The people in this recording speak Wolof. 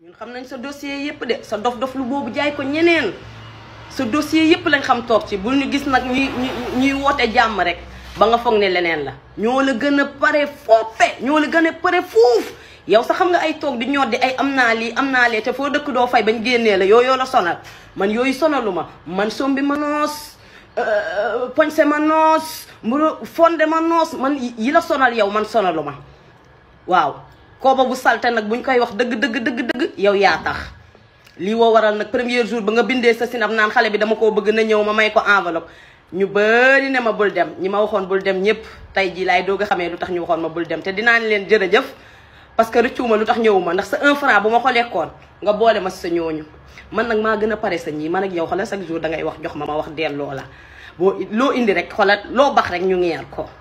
ñun xam nañ sa dossier yëpp de sa dof-dof lu boobu jaay ko ñeneen sa dossier yëpp lañ xam toog ci bul ñu gis nag ñuy ñuy woote jàmm rek ba nga foog ne leneen la ñoo la gën a pare foofe ñoo la gën a pare fuuf yow sax xam nga ay toog di ñor di ay am naa lii am naa lee te foo dëkk doo fay bañ génnee la yooyu la sonal man yooyu sonalu ma man sombi ma noos euh, euh, poñse ma noos mburu fonde ma noos man yi la sonal yow man sonalu ma waaw kooba bu salte nag ñu koy wax dëgg dëgg dëgg dëgg yow yaa tax lii woo waral nag première jour ba nga bindee sa sinap naan xale bi dama koo bëgg na ñëw ma may ko enveloppe ñu bëri ne ma bul dem ñi ma waxoon bul dem ñëpp tey jii laay doog a xamee lu tax ñu waxoon ma bul dem te dinaa ne leen jërëjëf parce que rëccuwuma lu tax ñëwuma ndax sa un bu ma ko lekkoon nga boole ma sa ñooñu man nag maa gën a pare sa ñii ma ak yow xoolal chaque jour dangay wax jox ma ma wax delloo la boo loo indi rek xoolal loo bax rek ñu ngeer ko